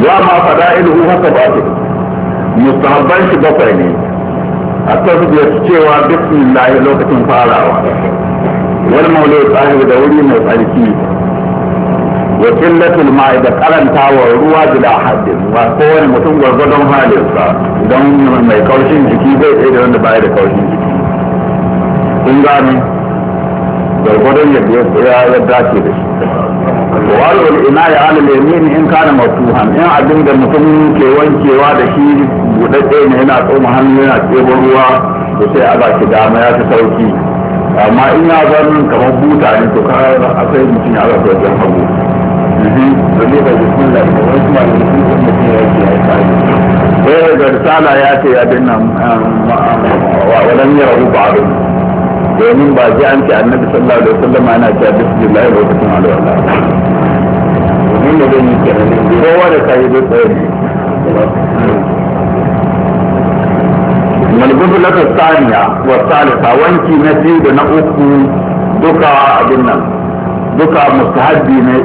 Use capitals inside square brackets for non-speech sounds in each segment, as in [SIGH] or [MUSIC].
wa ma fada'iluhu haka ba ce mustahabban shi bakwai ne a su cewa bismillah lokacin farawa wal maulid sahibi da wuri mai tsarki wa qillatul ma'i da Wa ruwa bila haddin ba kowane mutum gwargwadon halinsa don mai kaushin jiki zai tsaye da wanda baya da kaushin jiki kun gane gwargwadon yadda ya dace da shi ina inaya ala yamin in kana matuhan in abin da mutum ke wankewa da shi budadde ne yana tsoma hannu yana tsebo ruwa to sai a baki dama ya ta sauki amma in ya zan kamar buta ne to ka akwai mutum ya zaka wajen hagu mhm. Wai eh, da risala ya ce ya dinna um, wadan yara ba domin ba ji an ce annabi sallallahu alaihi wasallam ana cewa bismillah wa bismillah bɛ da zan yi kenan kowa da ta yi zai tsaye malbubu lata saniya wa salisa wanki na biyu da na uku duka abin nan duka mustahabbi ne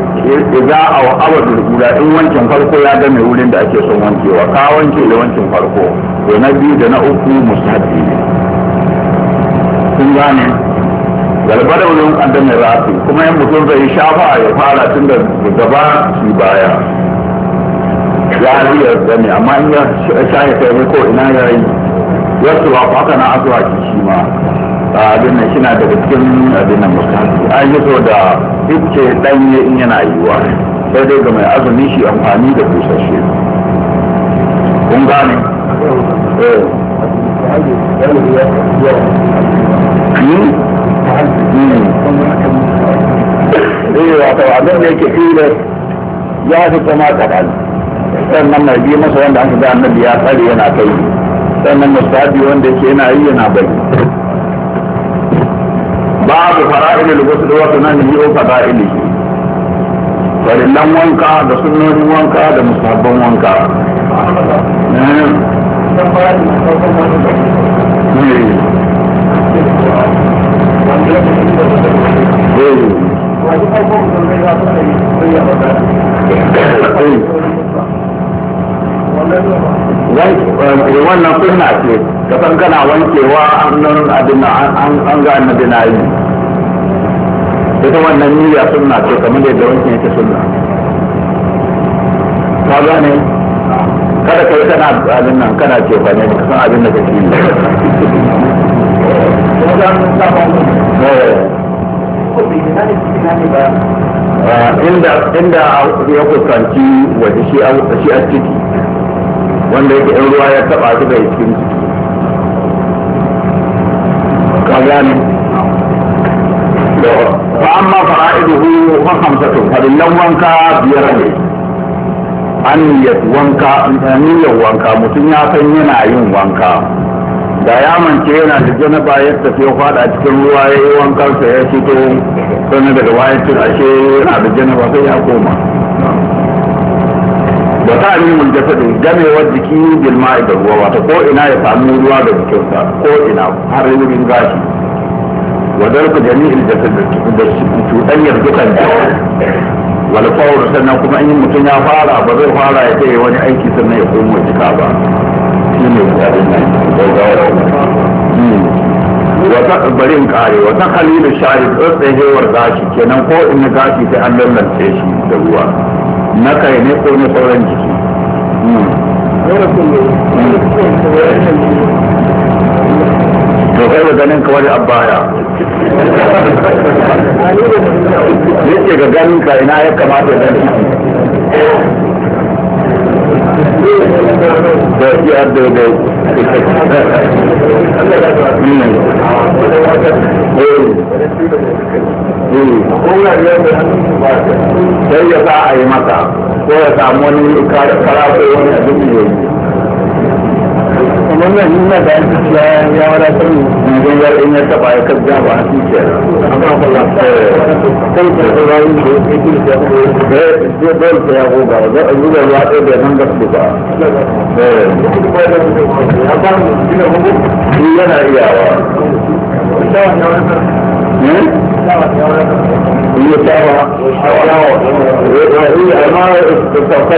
idza awa abadul ula in wankin farko ya ga mai wurin da ake son wankewa ka wanke da wankin farko to na biyu da na uku mustahabbi ne kun gane galbada wurin adana rafi kuma yan mutum zai yi shafa ya fara tun da gaba shi baya ya riya zane amma in ya shaye kai ko ina ya yi wasu ba haka na asuwa shi ma abin nan shi na daga cikin abin nan mustahabi yi da ice danye in yana yiwuwa sai dai ga mai azumi shi amfani da busasshe kun gane eh. wa abin da yake tilas ya fi kuma kaɗan sannan mai bi masa wanda aka ga annabi ya tsare yana kai sannan mustahabi wanda yake yana yi yana bai babu da wasu da wasu nan yi fara'ili farillan wanka da sunnonin wanka da musabban wanka Yeah. Eh. wannan sunna ce ka san kana wankewa annan abin an ga annabi na yi ita wannan niyya sunna ce kamar da yadda wankin yake sunna ka gane kada ka yi kana abin nan kana ce ba ne ka san abin da kake yi Ah, inda ya kusanci waje shi a ciki wanda yake in ruwa ya taba shi da cikin ciki ka gane fa amma fara'iduhu ma khamsatu farillan wanka biyar ne an niyyat wanka niyyar wanka mutum ya san yana yin wanka da ya mance yana da janaba ya tafi ya fada cikin ruwa ya yi wankansa ya fito sannan daga bayan cin ashe yana da janaba sai ya koma da ta mun da jasadin gamewar jiki bilma da ruwa wata ko ina ya samu ruwa da jikinsa ko ina har wurin gashi wadar ku in jasad da cuɗanyar dukkan jiki wani fawr sannan kuma in mutum ya fara ba zai fara ya ce wani aiki sannan ya komo jika ba shi ne abin nan gaugawa hmm. wata barin kare wata kalilu shari tsotsayewar gashi kenan ko in gashi sai an lallace shi da ruwa na kai ne ko na sauran jiki hmm. to kai da ganin kawai da abaya yake [LAUGHS] ga ganin ka ina ya kamata ya ganin da iya da da sai ya sa a yi mata ko ya samu wani kara ko wani abin da ya Ina nuna da yanzu ya ya wadatar mutum ya in ya taba ya kabja ba a tuce sai da rayu da ya ke da ya dole ta ya goga ba zai yi da ya ɗaya da nan da su ba yana iyawa Iya,